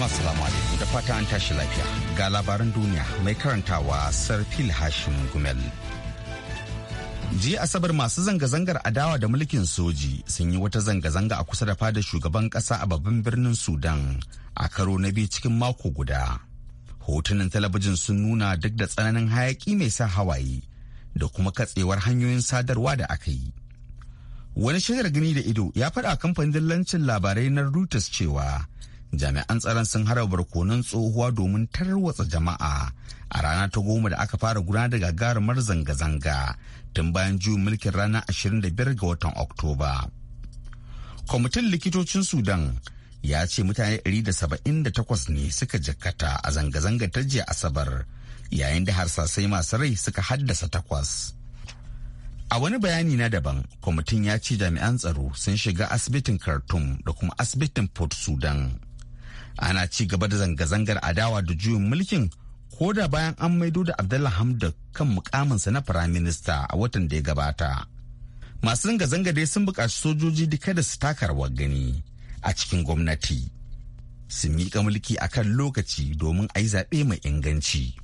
jama'a salamu alaikum da fata an tashi lafiya ga labaran duniya mai karantawa sarfil hashim gumel jiya asabar masu zanga-zangar adawa da mulkin soji sun yi wata zanga-zanga a kusa da fadar shugaban kasa a babban birnin sudan a karo na biyu cikin mako guda hotunan talabijin sun nuna duk da tsananin hayaki mai sa hawaye da kuma katsewar hanyoyin sadarwa da aka yi wani shaidar gani da ido ya faɗa kamfanin dillancin labarai na reuters cewa jami'an tsaron sun hara barkonon tsohuwa domin tarwatsa jama'a a rana ta goma da aka fara gudanar da gagarumar zanga-zanga tun bayan juyin mulkin ranar 25 ga watan oktoba kwamitin likitocin sudan ya ce mutane 178 ne suka jikkata a zanga-zanga ta jiya asabar yayin da harsasai masu rai suka haddasa takwas a wani bayani na daban kwamitin ya ce jami'an tsaro sun shiga asibitin khartoum da kuma asibitin port sudan ana ci gaba da zanga-zangar adawa da juyin mulkin ko da bayan an maido da abdullah hamdok kan mukaminsa na firaminista a watan da ya gabata masu zanga-zanga dai sun buƙaci sojoji duka da su taka rawar gani a cikin gwamnati su miƙa mulki a kan lokaci domin a yi zaɓe mai inganci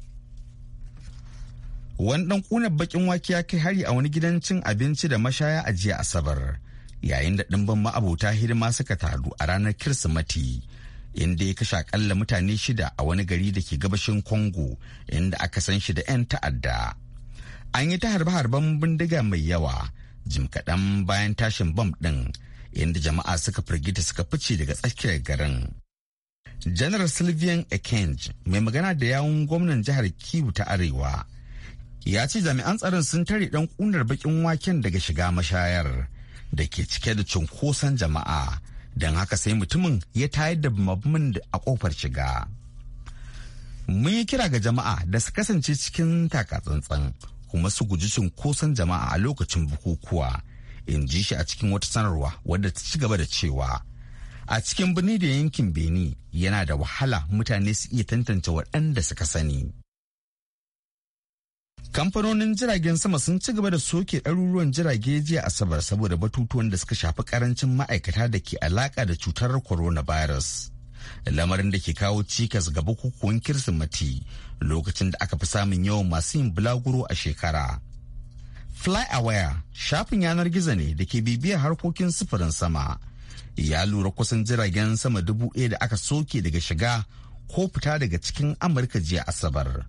wani ɗan ƙunar baƙin wake ya kai hari a wani gidan cin abinci da mashaya a jiya asabar yayin da ɗimbin ma'abota hidima suka taru a ranar kirsimati inda ya kashe akalla mutane shida a wani gari da ke gabashin congo inda aka san shi da 'yan ta'adda an yi ta harbe-harben bindiga mai yawa jim kaɗan bayan tashin bam ɗin inda jama'a suka firgita suka fice daga tsakiyar garin janar sylvian ekeng mai magana da yawun gwamnan jihar kiwu ta arewa ya ce jami'an tsaron sun tare ɗan ƙunar bakin waken daga shiga mashayar da ke cike da cunkoson jama'a don haka sai mutumin ya tayar da mabmin a kofar shiga mun yi kira ga jama'a da su kasance cikin takatsantsan kuma su guji cunkoson jama'a a lokacin bukukuwa in ji shi a cikin wata sanarwa wadda ta ci gaba da cewa a cikin birni da yankin beni yana da wahala mutane su iya tantance waɗanda suka sani kamfanonin jiragen sama sun ci gaba da soke ɗaruruwan jirage jiya asabar saboda batutuwan da suka shafi karancin ma'aikata da ke alaƙa da cutar coronavirus lamarin da ke kawo cikas ga bukukuwan kirsimati lokacin da aka fi samun yawan masu yin bulaguro a shekara flyaware shafin yanar gizo ne da ke bibiyar harkokin sufurin sama ya lura kusan jiragen sama dubu ɗaya da aka soke daga shiga ko fita daga cikin amurka jiya asabar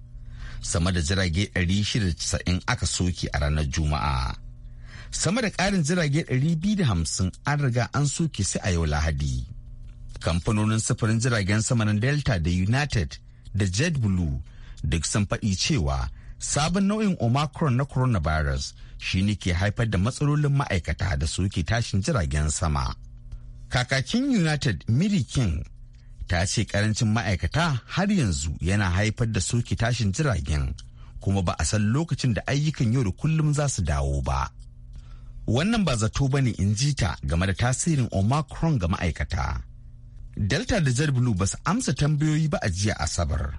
sama da jirage 690 aka soke a ranar juma'a sama da ƙarin jirage 250 an riga an soke su a yau lahadi kamfanonin sufurin jiragen sama na delta da united da jetblue duk sun faɗi cewa sabon nau'in omicron na coronavirus shi ne ke haifar da matsalolin ma'aikata da soke tashin jiragen sama. Kakakin United Miri King ta ce karancin ma'aikata har yanzu yana haifar da soke tashin jiragen kuma ba a san lokacin da ayyukan yau da kullum za su dawo ba wannan ba zato ba ne in ji ta game da tasirin omicron ga ma'aikata delta da jet blue ba su amsa tambayoyi ba a jiya asabar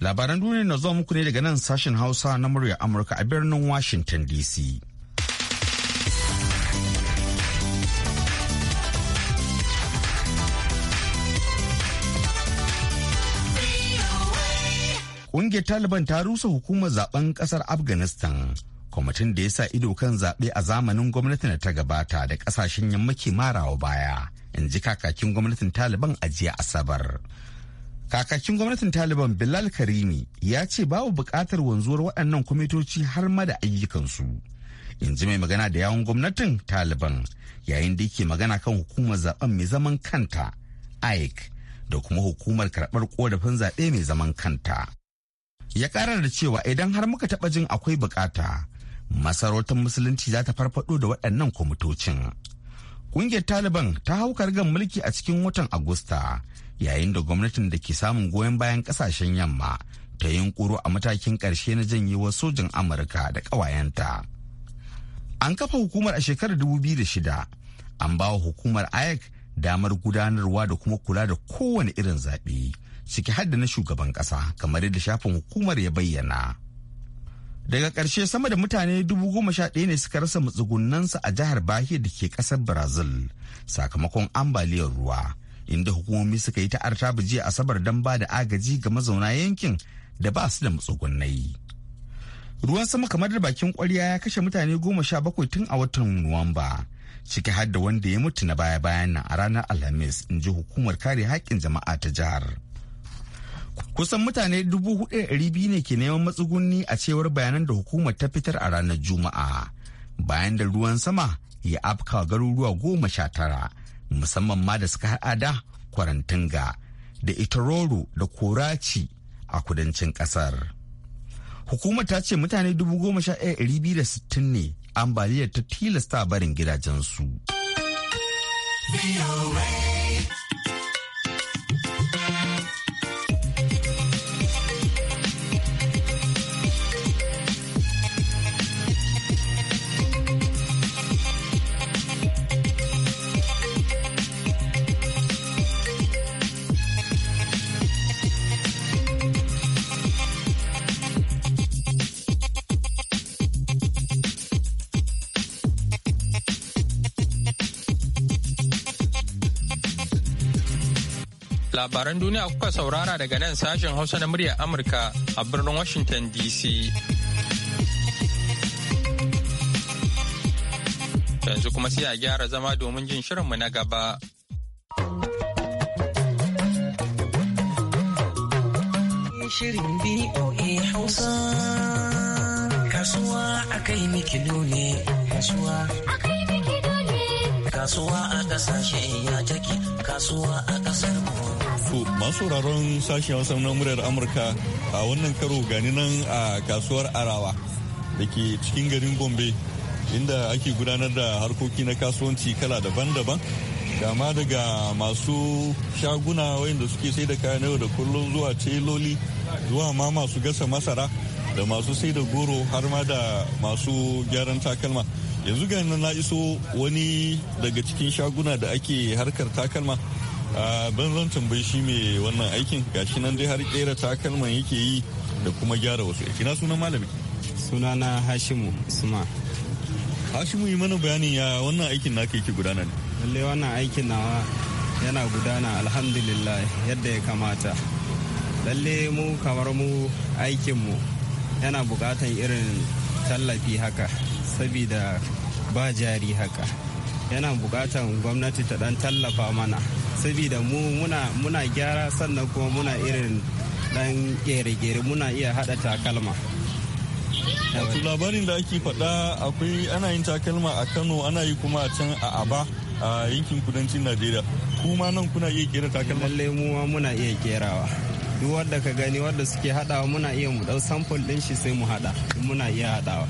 labaran duniya na zuwa muku ne daga nan sashen hausa na murya amurka a birnin washington dc Ƙungiyar Taliban ta rusa hukumar zaben ƙasar Afghanistan, kwamitin da ya sa ido kan zaɓe a zamanin gwamnatin da ta gabata da ƙasashen yammaki marawa baya, in ji kakakin gwamnatin Taliban a jiya Asabar. Kakakin gwamnatin Taliban Bilal Karimi ya ce babu buƙatar wanzuwar waɗannan kwamitoci har ma da ayyukansu. In ji mai magana da yawon gwamnatin Taliban yayin da yake magana kan hukumar zaben mai zaman kanta, aik da kuma hukumar karɓar ƙorafin zaɓe mai zaman kanta. ya ƙara da cewa idan har muka taɓa jin akwai bukata masarautar musulunci za ta farfado da waɗannan kwamitocin ƙungiyar taliban ta hau kargan mulki a cikin watan agusta yayin da gwamnatin da ke samun goyon bayan ƙasashen yamma ta ƙuru a matakin ƙarshe na janyewar sojin amurka da ƙawayenta an kafa hukumar a shekarar dubu da shida an ba wa hukumar ayek damar gudanarwa da kuma kula da kowane irin zaɓe ciki hadda na shugaban kasa kamar yadda shafin hukumar ya bayyana daga ƙarshe sama da mutane dubu goma sha ɗaya ne suka rasa matsugunansu a jihar bahia da ke ƙasar brazil sakamakon ambaliyar ruwa inda hukumomi suka yi ta'ar jiya asabar don ba da agaji ga mazauna yankin da ba su da matsugunai ruwan sama kamar da bakin kwarya ya kashe mutane goma sha bakwai tun a watan nuwamba ciki har wanda ya mutu na baya bayan nan a ranar alhamis in ji hukumar kare haƙƙin jama'a ta jihar Kusan mutane dubu biyu ne ke neman matsuguni a cewar bayanan da hukumar ta fitar a ranar Juma'a. Bayan da ruwan sama ya afka garuruwa goma sha tara musamman ma da suka haɗa kwarantinga da itororo da koraci a kudancin ƙasar. Hukumar ta ce mutane dubu goma sha biyu da sittin ne ambaliyar ta tilasta barin gidajensu. labaran duniya kuka saurara daga nan sashen hausa na muryar amurka a birnin washington dc yanzu kuma sai a gyara zama domin jin shirinmu na gaba shirin Hausa. Kasuwa a kai mikido ne, Kasuwa a kasashe ya take, kasuwa a kasar mu. Sokoto masu sauraron sashen wasan na muryar Amurka a wannan karo gani nan a kasuwar Arawa da ke cikin garin Gombe inda ake gudanar da harkoki na kasuwanci kala daban-daban kama daga masu shaguna wayanda suke sai da kayan yau da kullum zuwa teloli zuwa ma masu gasa masara da masu sai da goro har ma da masu gyaran takalma yanzu ganin na iso wani daga cikin shaguna da ake harkar takalma ban zan tambayi shi mai wannan aikin gashi nan dai har kera takalman yake yi da kuma gyara wasu ina sunan malami Suna na hashimu suma hashimu yi mana bayanin ya wannan aikin na ka yake gudana ne lalle wannan aikin nawa yana gudana alhamdulillah yadda ya kamata lalle mu kamar mu aikinmu yana bukatan irin tallafi haka sabida ba jari haka yana bukatan gwamnati ta dan tallafa mana saboda mu muna, muna gyara sannan kuma muna irin dan gere-gere muna iya hada takalma wato labarin da ake faɗa akwai ana yin takalma a kano ana yi kuma a can a aba a yankin kudancin najeriya kuma nan kuna iya kera takalma lallai mu muna iya kerawa duk wanda ka gani wanda suke hadawa muna iya mu dau sample din shi sai mu hada muna iya hadawa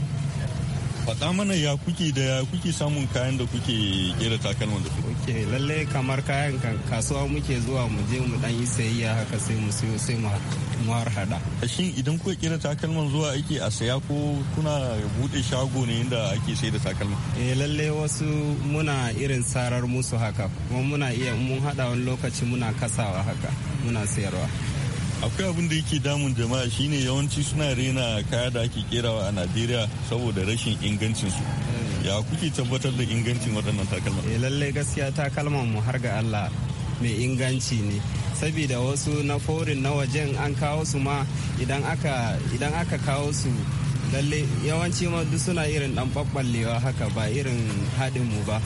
faɗa mana ya kuke da ya kuke samun kayan da kuke gera takalman da kuke ok lalle kamar kayan kan kasuwa muke zuwa mu je mu dan yi sayayya haka sai mu siyo sai mu har hada shin idan kuka kira takalman zuwa ake a saya ko kuna bude shago ne inda ake sai da takalman? eh lalle wasu muna irin sarar musu haka kuma muna iya mun hada wani lokaci muna kasawa haka muna sayarwa akwai abin da yake damun jama'a shine yawanci suna rena kaya da ake kerawa a najeriya saboda rashin ingancinsu ya kuke tabbatar da ingancin waɗannan takalma eh lallai gaskiya takalman mu har ga allah mai inganci ne saboda wasu na forin na wajen an kawo su ma idan aka idan aka kawo su lalle yawanci ma duk suna irin dan haka ba irin haɗin mu ba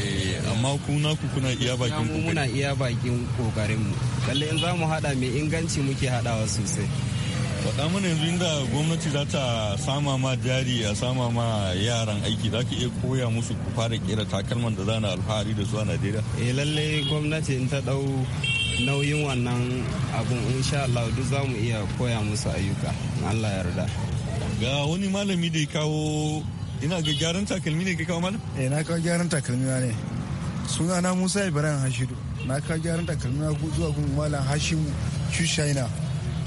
Eh, amma ku na ku kuna iya bakin ku muna iya bakin kokarin mu kalle in za hada mai inganci muke hadawa sosai faɗa mana yanzu inda gwamnati za ta sama ma jari a sama ma yaran aiki za ka iya koya musu ku fara kera takalman da za na alfahari da su a najeriya eh lalle gwamnati in ta ɗau nauyin wannan abun insha Allah duk zamu iya koya musu ayyuka Allah yarda ga wani malami da ya kawo ina ga gyaran takalmi ne ka kawo mana. eh na kawo gyaran takalmi ne suna na musa ibrahim hashidu na kawo gyaran takalmi na zuwa gun malam hashimu shushaina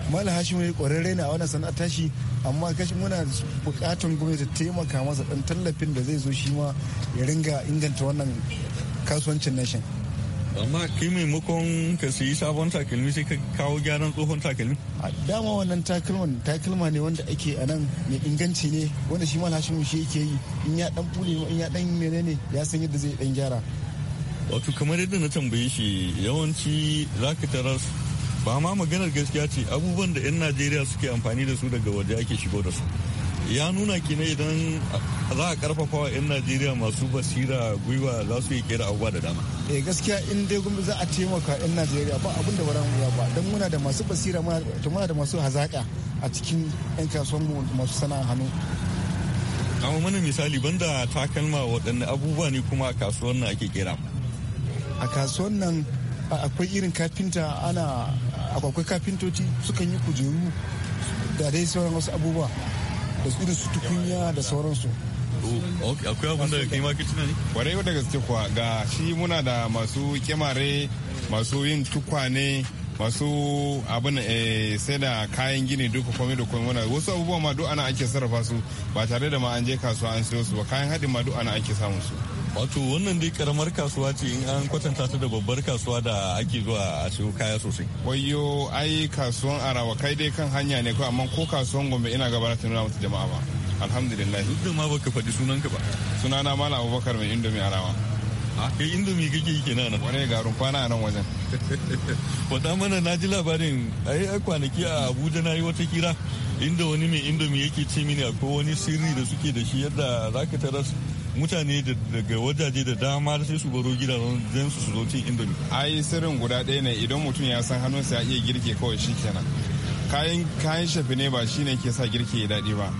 malam hashimu ya kwararre ne a wannan sana'a tashi amma kashi muna bukatan gwamnati ta taimaka masa dan tallafin da zai zo shi ma ya ringa inganta wannan kasuwancin nashin amma kai maimakon ka sayi sabon takalmi sai ka kawo gyaran tsohon takalmi a dama wannan takalman takalma ne wanda ake a nan mai inganci ne wanda shi malashin shi yake yi in ya dan bule in ya dan menene ya san yadda zai dan gyara wato kamar yadda na tambaye shi yawanci zaka tarar ba ma maganar gaskiya ce abubuwan da 'yan najeriya suke amfani da su daga waje ake shigo da su ya nuna kina idan za a karfafa wa 'yan najeriya masu basira gwiwa za su yi kera abubuwa da dama eh gaskiya in dai gumi za a taimaka 'yan najeriya ba abin da ba ba don muna da masu basira muna da masu hazaƙa a cikin 'yan mu masu sana'a hannu amma mana misali banda takalma waɗanne abubuwa ne kuma a kasuwar nan ake kera a kasuwar nan akwai irin kafinta ana akwai kafintoci sukan yi kujeru da dai sauran wasu abubuwa da su da su tukunya da sauransu akwai abin da kai ma kici ne kwarai da gaske kuwa ga shi muna da masu kemare masu yin tukwane masu abin eh, sai da kayan gini duka komai da komai wani wasu abubuwa ma duk ana ake sarrafa su ba tare da ma an je kasuwa an siyo su ba kayan haɗin ma duk ana ake samun su wato wannan dai karamar kasuwa ce in an kwatanta ta da babbar kasuwa da ake zuwa a siyo kaya sosai wayo ai kasuwan arawa kai dai kan hanya ne ko amma ko kasuwan gombe ina gaba ta nuna musu jama'a ba alhamdulillah duk da ma baka faɗi ka ba sunana mala abubakar mai indomi arawa a ah, kai indomi kake yi kenan wani garin kwana a nan wajen faɗa mana na ji labarin ai kwanaki a abuja na yi wata kira inda wani mai indomi yake ce mini akwai wani sirri da suke da shi yadda za ka taras mutane daga wajaje da dama sai su baro gidajen su su zo cin indomi ai sirrin guda ɗaya ne idan mutum ya san hannun sa ya iya girke kawai shi kenan kayan kayan shafi ne ba shine ke sa girki ya daɗi ba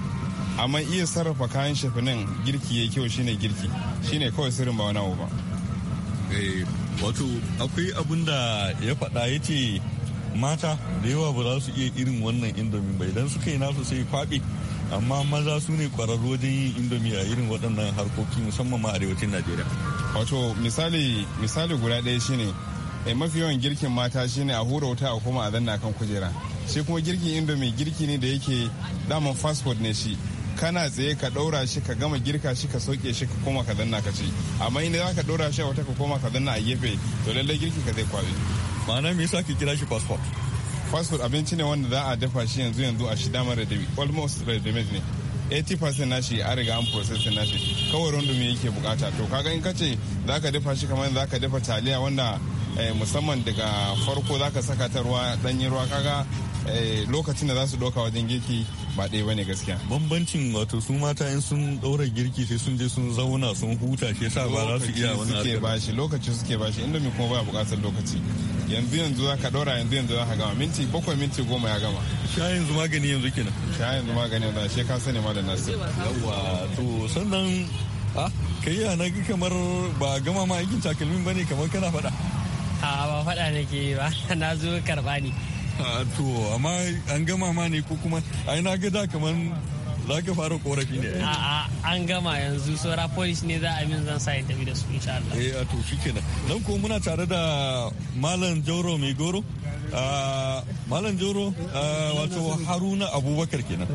amma iya sarrafa kayan shafinin girki ya kyau shine girki shine kawai sirrin ba wani abu ba eh, wato akwai abin da ya faɗa ya ce mata da yawa ba za su iya irin wannan indomi ba idan suka yi nasu sai kwaɓe amma maza su ne kwararru wajen yin indomi a irin waɗannan harkoki musamman ma arewacin najeriya wato misali misali guda ɗaya shine a eh, mafi yawan girkin mata shine a hura wuta a koma a zanna kan kujera shi kuma girkin indomi girki ne da yake daman fast food ne shi kana tsaye ka ɗaura shi ka gama girka shi ka sauke shi ka koma ka zanna ka ci amma inda za ka ɗaura shi a wata ka koma ka zanna a gefe to lallai girki ka zai kwabe ma'ana me yasa ke kira shi fast food password abinci ne wanda za a dafa shi yanzu yanzu a shi damar ready almost ready ne 80% nashi a riga an processing nashi kawai rundumi yake bukata to kaga in kace zaka dafa shi kamar zaka dafa taliya wanda eh, musamman daga farko zaka saka ta ruwa danyen ruwa kaga Eh, lokacin da za su ɗauka wajen girki ba ɗaya bane gaskiya bambancin wato su mata in sun ɗaura girki sai sun je sun zauna sun huta shi yasa ba za su iya wani suke bashi lokaci suke bashi inda kuma baya buƙatar lokaci yanzu yanzu za ka ɗaura yanzu yanzu za ka gama minti bakwai minti goma ya gama sha yanzu magani yanzu kenan sha yanzu magani yanzu shi ka sani ma da nasu Yawwa to sannan a yi a na kamar ba gama ma aikin takalmin ne kamar kana faɗa a ba faɗa nake ba na zo karɓa ne to amma an gama ma ne ko kuma ai na ga kamar za ka fara korafi ne an gama yanzu saura polish ne za a min zan sa tafi da su insha Allah eh a to shikenan nan ko muna tare da malam Jauro mai goro ah, malam Jauro ah, wato Haruna Abubakar kenan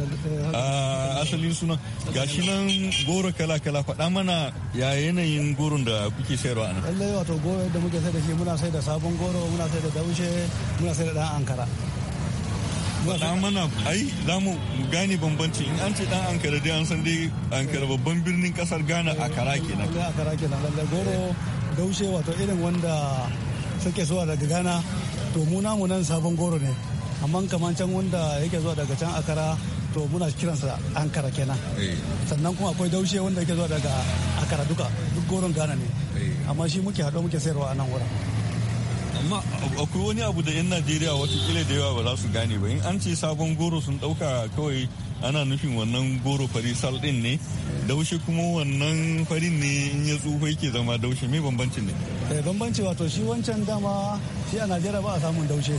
ah, asalin suna gashi nan goro kala kala faɗa mana ya yanayin goron da kuke sayarwa nan. lallai wato goro da muke sai da shi muna sai da sabon goro muna sai da daushe muna sai da ɗan ankara ba mana ai za mu gane bambanci in an ce dan ankara dai an san dai ankara babban birnin kasar ghana a kara kenan a kara kenan lallai goro gaushe wato irin wanda suke zuwa daga ghana to mu namu nan sabon goro ne amma kamar can wanda yake zuwa daga can akara to muna kiransa ankara kenan eh. sannan kuma akwai daushe wanda yake zuwa daga akara duka duk goron ghana ne eh. amma shi muke haɗo muke sayarwa a nan wurin amma akwai wani abu da 'yan najeriya watakila da yawa ba za su gane ba in an ce sabon goro sun dauka kawai ana nufin wannan goro fari sal din ne daushe kuma wannan farin ne in ya tsufa yake zama daushe mai bambancin ne eh, bambanci wato shi wancan dama shi a najeriya ba a samun daushe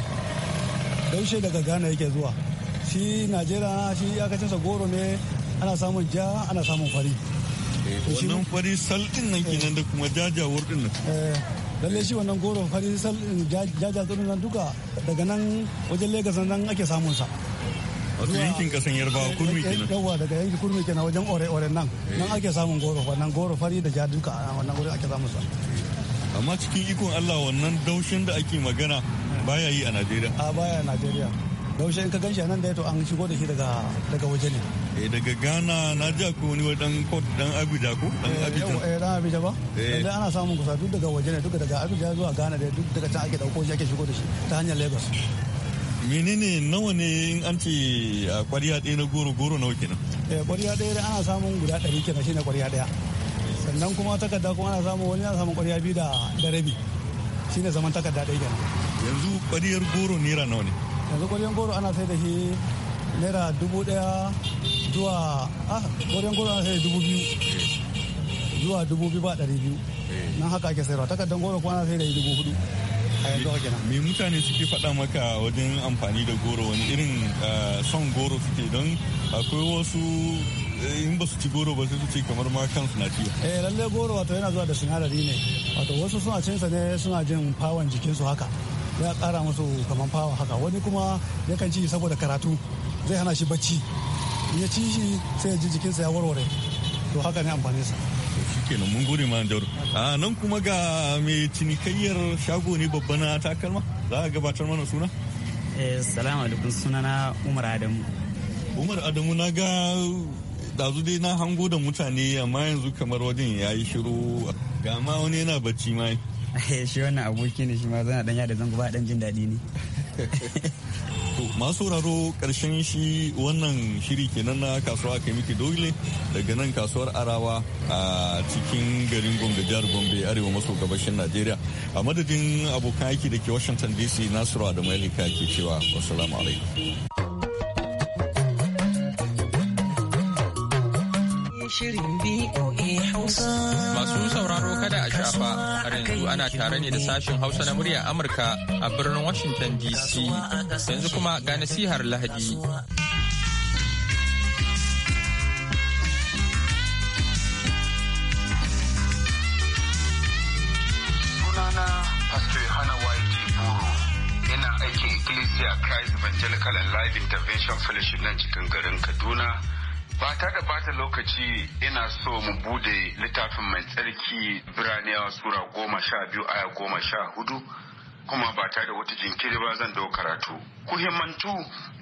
daushe daga ghana yake zuwa shi najeriya shi sa goro ne ana samun ja ana samun fari eh, wannan fari sal din nan kenan da kuma jajawar din nan eh. lalle shi wannan goro fari eh, jaja tsirin nan duka daga nan wajen legas nan ake samun sa wato yankin kasan yarbawa eh, kurmi eh, kenan yawa daga yankin kurmi kenan wajen ore ore nan nan ake samun goro wannan goro fari da ja duka wannan gurin ake samun sa amma cikin ikon Allah wannan daushin da ake magana baya yi a Najeriya a baya a Najeriya yaushe in ka gan shi nan da ya to an shigo da shi daga daga waje ne eh daga Ghana na ja ko ni dan kot dan Abuja ko dan eh, Abuja eh dan Abuja ba eh ana samun kusa duk daga waje ne duk daga Abuja zuwa Ghana da duk daga can ake dauko shi ake shigo da shi ta hanyar Lagos menene nawa ne in an ce kwariya ɗaya na goro goro nawa kenan eh kwariya ɗaya da ana samun guda ɗari kenan shine kwariya ɗaya sannan kuma takarda kuma ana samun wani ana samun kwariya biyu da da rabi shine zaman takarda ɗaya kenan yanzu kwariyar goro naira nawa ne yanzu ƙwaryen goro ana sai da shi naira dubu daya zuwa ah ƙwaryen goro ana sai da dubu biyu zuwa dubu biyu ba dari biyu eh. nan haka ake sayarwa takardar goro kuma ana sai da dubu hudu a yanzu haka nan. me mutane suke faɗa maka wajen amfani da goro wani irin ah, son goro suke don akwai wasu eh, in ba su ci goro ba sai su ce kamar ma kansu na ci. eh lalle goro wato yana zuwa da sinadari ne wato wasu suna cinsa ne suna jin fawon jikinsu haka. ya kara musu kamar fawa haka wani kuma yakan ci saboda karatu zai hana shi bacci ya ci shi sai ya ji jikinsa ya warware to haka ne amfanin sa kenan mun gode ma jaru a nan kuma ga mai cinikayyar shago ne babba na takalma za a gabatar mana suna eh salamu alaikum sunana umar adamu umar adamu na ga dazu dai na hango da mutane amma yanzu kamar wajen ya yi shiru ga ma wani yana bacci ma Eh, shi wannan aboki ne shi ma zana dan da zango ba dan jin daɗi ne masu sauraro ƙarshen shi wannan shiri kenan na kasuwa aka miki dole daga nan kasuwar arawa a cikin garin gombe jihar gombe arewa maso gabashin najeriya a madadin abokan aiki da ke washington dc nasiru adamu yalika ke cewa wasu alaikum Masu sauraro kada a shafa yanzu ana tare ne da sashen Hausa na muryar Amurka a birnin Washington DC. Yanzu kuma ga nasihar Lahadi. Christ Evangelical and Life Intervention Fellowship nan cikin garin Kaduna Ba ta da bata lokaci ina so mu bude littafin mai tsarki biraniyawa sura goma sha biyu aya goma sha hudu kuma ba ta da wata jinkiri ba zan dau karatu. Kuhimmantu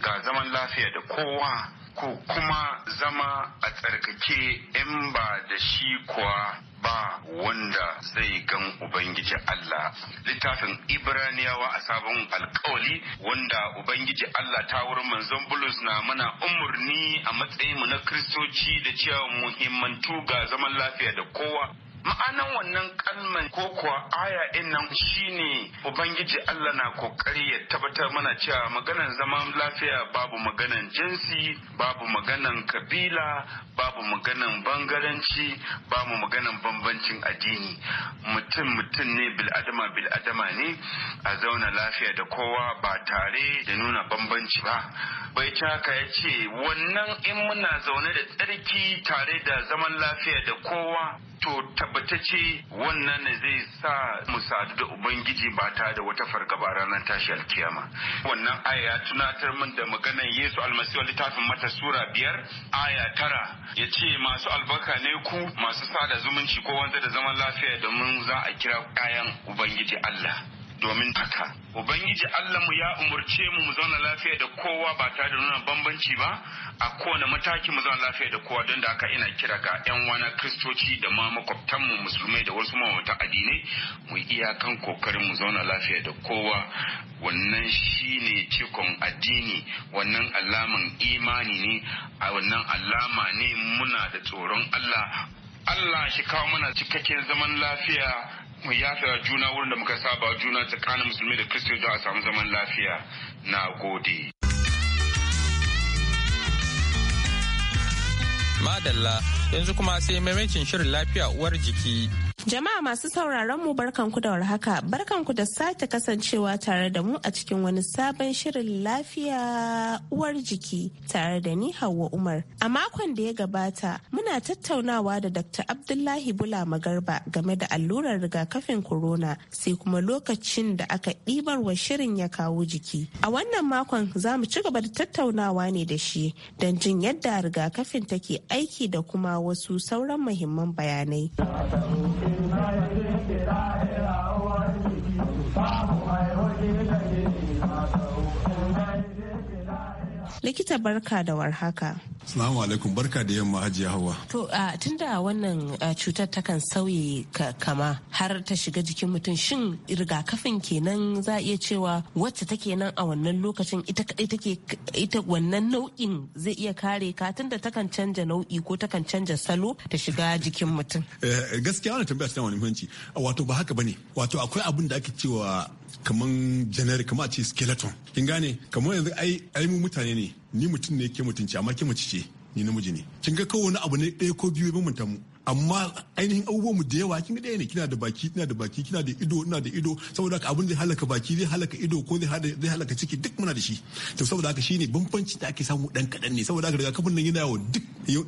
ga zaman lafiya da kowa ko kuma zama a tsarkake in ba da shi kuwa ba wanda zai gan Ubangiji Allah. Littafin Ibraniyawa a sabon alkawali wanda Ubangiji Allah ta wurin manzon Bulus na mana umurni a matsayinmu na Kiristoci da cewa muhimmantu ga zaman lafiya da kowa ma'anan wannan kalman ko kuwa aya din nan shine ubangiji Allah na kokari ya tabbatar mana cewa maganan zaman lafiya babu maganan jinsi babu maganan kabila babu maganan bangaranci babu maganan bambancin addini mutum mutum ne bil'adama bil'adama ne a zauna lafiya da kowa ba tare da nuna bambanci ba bai haka ya ce wannan in muna zaune da tsarki tare da zaman lafiya da kowa to tabbatacce wannan ne zai sa mu sadu da ubangiji ba ta da wata fargaba ranar tashi alkiyama wannan aya ya tunatar min da maganar yesu almasiwa littafin mata sura biyar aya tara ya ce masu albarka ne ku masu sada zumunci ko wanda da zaman lafiya domin za a kira kayan ubangiji allah domin haka ubangiji mu ya umurce mu mu zauna lafiya da kowa ba tare da nuna bambanci ba a kowane mataki mu zauna lafiya da kowa don da haka ina kira ga yan wana kristoci da ma mu musulmai da wasu mawata addinai mu kan kokarin mu zauna lafiya da kowa wannan shi ne cikon addini wannan alaman imani ne a wannan alama ne muna da tsoron Allah Allah shi kawo mana cikakken zaman lafiya mu yafe juna wurin da muka saba juna tsakanin musulmi da kristiyo don a samu zaman lafiya na gode. Madalla yanzu kuma sai maimakin shirin lafiya uwar jiki Jama'a masu sauraron mu barkanku da warhaka, barkanku da sake kasancewa tare da mu a cikin wani sabon shirin lafiya uwar jiki tare da ni Hauwa Umar. A makon da ya gabata muna tattaunawa da Dr. Abdullahi Bula Magarba game da allurar rigakafin corona sai kuma lokacin da aka ɗibar wa shirin ya kawo jiki. A wannan makon za mu ci gaba da tattaunawa ne da shi don jin yadda rigakafin take aiki da kuma wasu sauran muhimman bayanai. likita barka da warhaka. Salamu alaikum barka da yamma hajiya hawa. To a tunda wannan cutar takan sauye kama har ta shiga jikin mutum shin rigakafin kenan za a iya cewa wacce take nan a wannan lokacin ita kadai take ita wannan nau'in zai iya kare ka tunda takan canja nau'i ko takan canja salo ta shiga jikin mutum. Eh, gaskiya wannan tambaya tana wani muhimmanci wato ba haka bane wato akwai abin da ake cewa kaman generic kamar a ce skeleton kin gane kamar yanzu ai mu mutane ne ni mutum ne ke mutunci amma ke mace ce ni namiji ne kin ga kawai wani abu ne ɗaya ko biyu ya bambanta mu amma ainihin abubuwanmu da yawa kin ɗaya ne kina da baki kina da baki kina da ido ina da ido saboda haka abin zai halaka baki zai halaka ido ko zai halaka ciki duk muna da shi to saboda haka shine bambanci da ake samu dan kadan ne saboda haka kafin nan yana yawo duk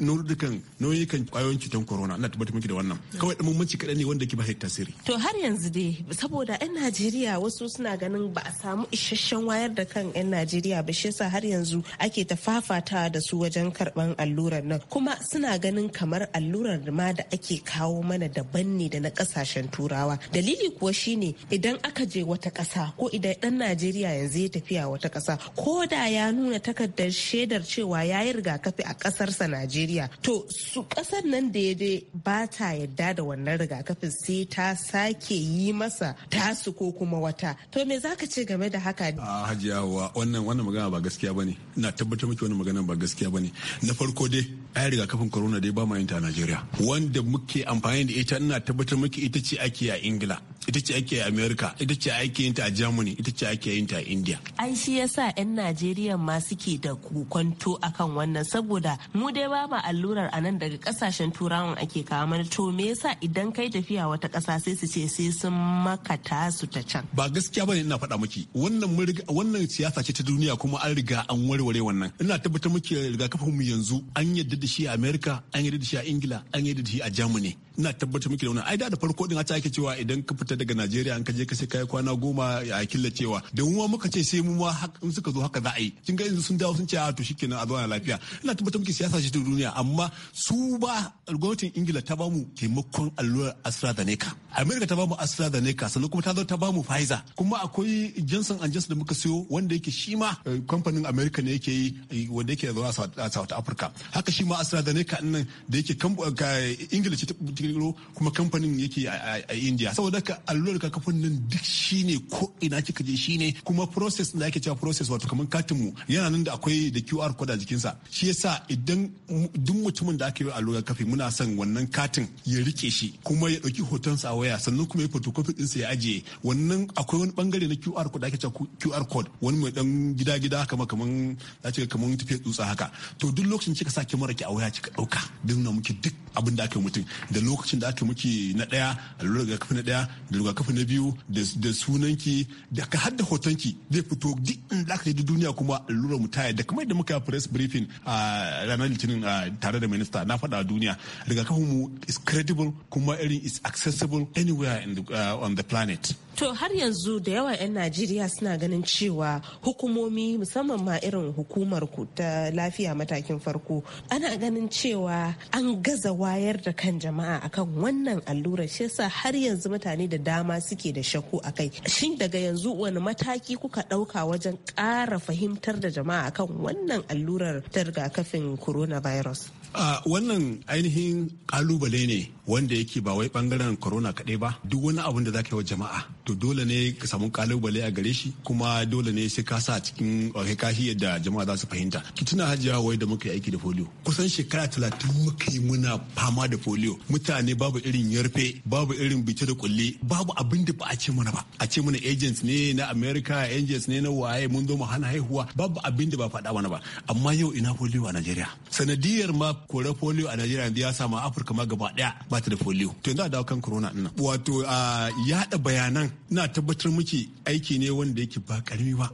nau'ikan nau'ikan kwayoyin cutar corona ina tabbatar miki da wannan kawai dan bambanci kadan ne wanda ke ba tasiri to har yanzu dai saboda yan Najeriya wasu suna ganin ba a samu isasshen wayar da kan yan Najeriya ba shi yasa har yanzu ake ta fafata da su wajen karban allurar nan kuma suna ganin kamar allurar da da ake kawo mana daban ne da na kasashen turawa dalili kuwa shine idan aka je wata ƙasa ko idan ɗan najeriya yanzu ya tafiya wata ƙasa ko da ya nuna takardar shaidar cewa ya yi rigakafi a ƙasarsa najeriya to su ƙasar nan da ya je ba ta yadda da wannan rigakafin sai ta sake yi masa tasu ko kuma wata to me zaka ce game da haka a hajiya wannan wannan magana ba gaskiya bane ina tabbatar miki wannan magana ba gaskiya bane na farko dai ai rigakafin corona dai ba ma yin ta a Najeriya wanda muke amfani da ita ina tabbatar muke ita ce ake a Ingila ita ce ake a America ita ce ake yin ta a Germany ita ce ake yin ta a India ai shi yasa yan Najeriya ma suke da kokonto akan wannan saboda mu dai ba ma allurar nan daga kasashen turawan ake kawo mana to me yasa idan kai tafiya wata kasa sai su ce sai sun maka tasu ta can ba gaskiya bane ina faɗa miki wannan wannan siyasa ce ta duniya kuma an riga an warware wannan ina tabbatar muke rigakafin mu yanzu an yadda da da shi a america an yarda da shi a ingila an yarda da shi a germany ina tabbatar miki da wannan ai da da farko din a ake cewa idan ka fita daga Najeriya an ka je ka sai kai kwana goma a cewa. da mu muka ce sai mu ma in suka zo haka za a yi kin ga yanzu sun dawo sun ce a ah, to shikenan a zauna lafiya ina tabbatar miki siyasa ce ta duniya amma su ba gwamnatin Ingila ta bamu taimakon allurar AstraZeneca America ta bamu AstraZeneca sannan kuma ta zo ta bamu Pfizer kuma akwai Johnson Johnson da muka siyo wanda yake shi ma eh, kamfanin America ne yake yi eh, wanda yake zuwa South Africa haka shi ma AstraZeneca nan da yake eh, Ingila ce ta kirkiro kuma kamfanin yake a India saboda ka allurar kakafin nan duk shine ko ina kika je shine kuma process da ake cewa process wato kamar katin mu yana nan da akwai da QR code a jikin sa shi yasa idan duk mutumin da aka yi allurar kafi muna son wannan katin ya rike shi kuma ya ɗauki hoton sa a waya sannan kuma ya photocopy din sa ya ajiye wannan akwai wani bangare na QR code ake cewa QR code wani mai dan gida gida haka kaman za ce kamar tafiya dutsa haka to duk lokacin kika sa kamera ki a waya kika ɗauka duk na muke duk abin da aka mutum da lokacin da aka muke na daya lura daga kafin na daya da rigakafi na biyu da sunanki da ka hadda hotonki zai fito duk da aka yi duniya kuma lura mu taya da kamar yadda muka press briefing a ranar litinin tare da minista na faɗa duniya daga rigakafin mu is credible kuma irin is accessible anywhere in the, uh, on the planet To har yanzu da yawa 'yan Najeriya suna ganin cewa hukumomi musamman ma irin hukumar ku ta lafiya matakin farko ana ganin cewa an gazawa wayar da kan jama'a akan wannan allurar shi yasa har yanzu mutane da dama suke da shakku akai shin daga yanzu wani mataki kuka ɗauka wajen ƙara fahimtar da jama'a akan wannan allurar ta rigakafin coronavirus a wannan ainihin kalubale ne wanda yake ba wai bangaren corona kaɗai ba duk wani abin da zaka yi wa jama'a to dole ne ka samu kalubale a gare shi kuma dole ne sai ka sa cikin eh, kashi yadda jama'a za su fahimta ki tuna hajiya wai da muka yi aiki da polio kusan shekara talatin muka yi muna fama da polio mutane babu irin yarfe babu irin bice da kulle babu abin da ba a ce mana ba a ce mana agents ne na america agents ne na waye mun zo mu hana haihuwa babu abin da ba faɗa mana ba amma yau ina polio a najeriya sanadiyar ma kore polio a najeriya ya sama afirka ma gaba ɗaya ba da polio to yanzu a dawo kan corona ɗin wato a yaɗa bayanan na tabbatar miki aiki ne wanda yake ba karami ba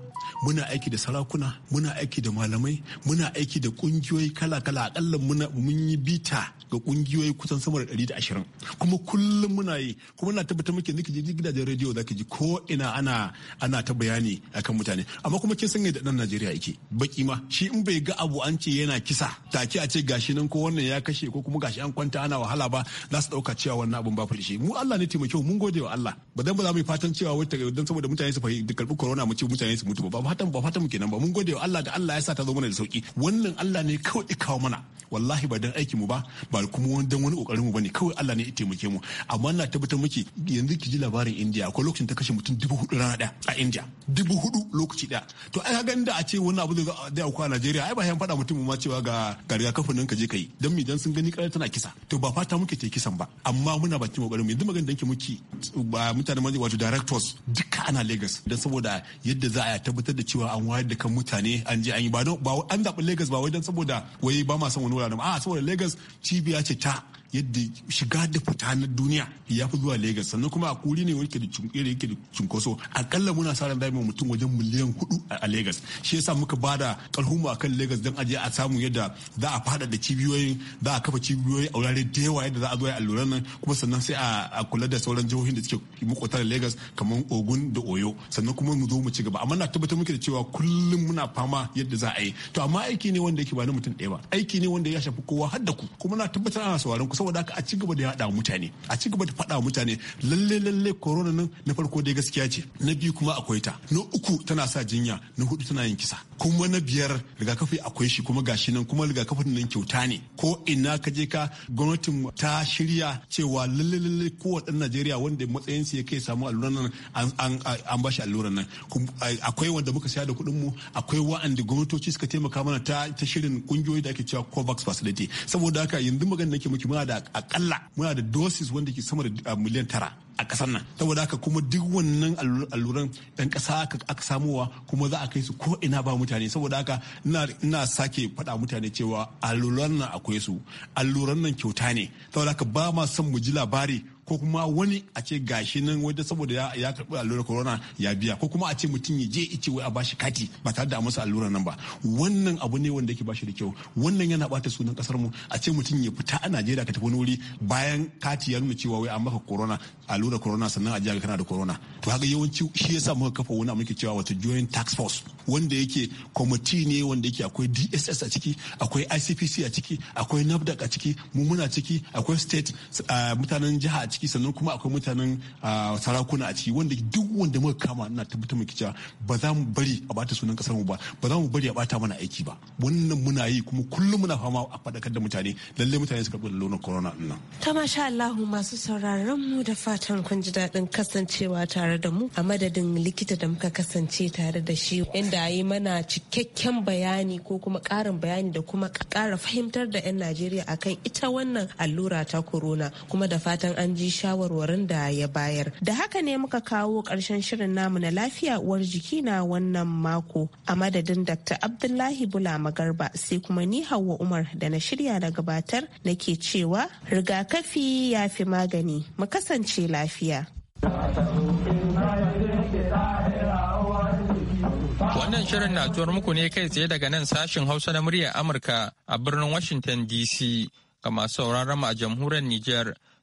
muna aiki da sarakuna muna aiki da malamai muna aiki da kungiyoyi kala-kala akalla muna mun yi bita ga kungiyoyi kusan sama da 120 kuma kullum muna yi kuma na tabbatar muke nake ji gidajen rediyo zaka ji ko ina ana ana ta bayani akan mutane amma kuma kin san da dan Najeriya yake baki ma shi in bai ga abu an ce yana kisa take a ce gashi nan ko wannan ya kashe ko kuma gashi an kwanta ana wahala ba za su dauka cewa wannan abun ba shi mu Allah ne taimake mu mun gode wa Allah ba dan ba za mu yi fatan cewa wata dan saboda mutane su fahimci karbi corona mu ce mutane su mutu ba ba fatan ba fatan mu kenan ba mun gode wa Allah da Allah ya sa ta zo mana da sauki wannan Allah ne kawai kawo mana wallahi ba dan aikin mu ba ba kuma wani dan wani kokarin mu bane kawai Allah ne ya taimake mu amma ina tabbatar miki yanzu ki ji labarin India akwai lokacin ta kashe mutum dubu hudu rana d'a a India dubu hudu lokaci daya to ai ga inda a ce wani abu da auku a Najeriya ai ba yan faɗa mutum ma cewa ga Garga rigakafin nan ka je kai dan mi dan sun gani kare tana kisa to ba fata muke ta kisan ba amma muna bakin kokarin mu yanzu magana danki muke ba mutane ma wato directors duka ana Lagos dan saboda yadda za a tabbatar da cewa an wayar da kan mutane an je an yi ba ba an zabi Lagos ba wai dan saboda wai ba ma san wani wuraren a ah, saboda Lagos cibiya ce ta yadda shiga da fita na duniya ya fi zuwa Legas sannan kuma a kuri ne wanda yake da cunkoso akalla muna sa ran mu mutum wajen miliyan hudu a Legas shi yasa muka ba bada kalhumu akan Legas don aje a samu yadda za a fada da cibiyoyin za a kafa cibiyoyi a wurare da yawa yadda za a zo a lura nan kuma sannan sai a kula da sauran jihohin da suke makwata da Legas kamar Ogun da Oyo sannan kuma mu zo mu ci gaba amma na tabbatar muke da cewa kullum muna fama yadda za a yi to amma aiki ne wanda yake ba na mutum ɗaya ba aiki ne wanda ya shafi kowa har da ku kuma na tabbatar ana sauraron ku saboda haka a ci gaba da yada mutane a ci gaba da faɗa mutane lalle lalle corona nan na farko dai gaskiya ce na biyu kuma akwai ta na uku tana sa jinya na hudu tana yin kisa kuma na biyar rigakafi akwai shi kuma gashi nan kuma rigakafin nan kyauta ne ko ina ka je ka gwamnatin ta shirya cewa lalle lalle wadannan Najeriya wanda matsayin sa ya kai samu alluran nan an bashi alluran nan akwai wanda muka saya da kuɗin mu akwai wa'anda gwamnatoci suka taimaka mana ta ta shirin kungiyoyi da ake cewa Covax facility saboda haka yanzu magana nake muke muna da akalla muna da doses wanda ke sama da ah, miliyan tara a kasar nan saboda haka kuma duk wannan alluran yan ƙasa aka samuwa kuma za a kai su ko ina ba mutane saboda haka ina sake faɗa mutane cewa alluran nan akwai su alluran nan kyauta ne saboda haka ba ma son mu ji labari ko kuma wani a ce gashi nan wanda saboda ya karɓi allurar corona ya biya ko kuma a ce mutum ya je ice wai a bashi kati ba tare da masa allurar nan ba wannan abu ne wanda yake bashi da kyau wannan yana bata sunan kasar mu a ce mutum ya fita a Najeriya ka tafi wani wuri bayan kati ya nuna cewa wai an maka corona allurar corona sannan a jiya kana da corona to haka yawanci shi yasa muka kafa wani muke cewa wato joint tax force wanda yake kwamiti ne wanda yake akwai DSS a ciki akwai ICPC a ciki akwai NAFDAC a ciki mu muna ciki akwai state ah, mutanen jiha ciki sannan kuma akwai mutanen sarakuna a ciki wanda duk wanda muka kama ina tabbatar muke cewa ba za mu bari a bata sunan kasar mu ba ba za mu bari a bata mana aiki ba wannan muna yi kuma kullum muna fama a fadakar da mutane lalle mutane suka bude launin corona din ta masha Allah masu sauraron mu da fatan kun ji daɗin kasancewa tare da mu a madadin likita da muka kasance tare da shi inda yi mana cikakken bayani ko kuma ƙarin bayani da kuma ƙara fahimtar da 'yan Najeriya akan ita wannan allura ta corona kuma da fatan an ji ji shawarwarin da ya bayar. Da haka ne muka kawo ƙarshen shirin namu na lafiya uwar jiki na wannan mako a madadin Dr. Abdullahi Bula Magarba sai kuma ni hawa Umar da na shirya na gabatar na ke cewa rigakafi ya fi magani mu kasance lafiya. Wannan shirin na zuwar muku ne kai tsaye daga nan sashin Hausa na muryar Amurka a birnin Washington DC ga masu sauraron mu a jamhuriyar Nijar.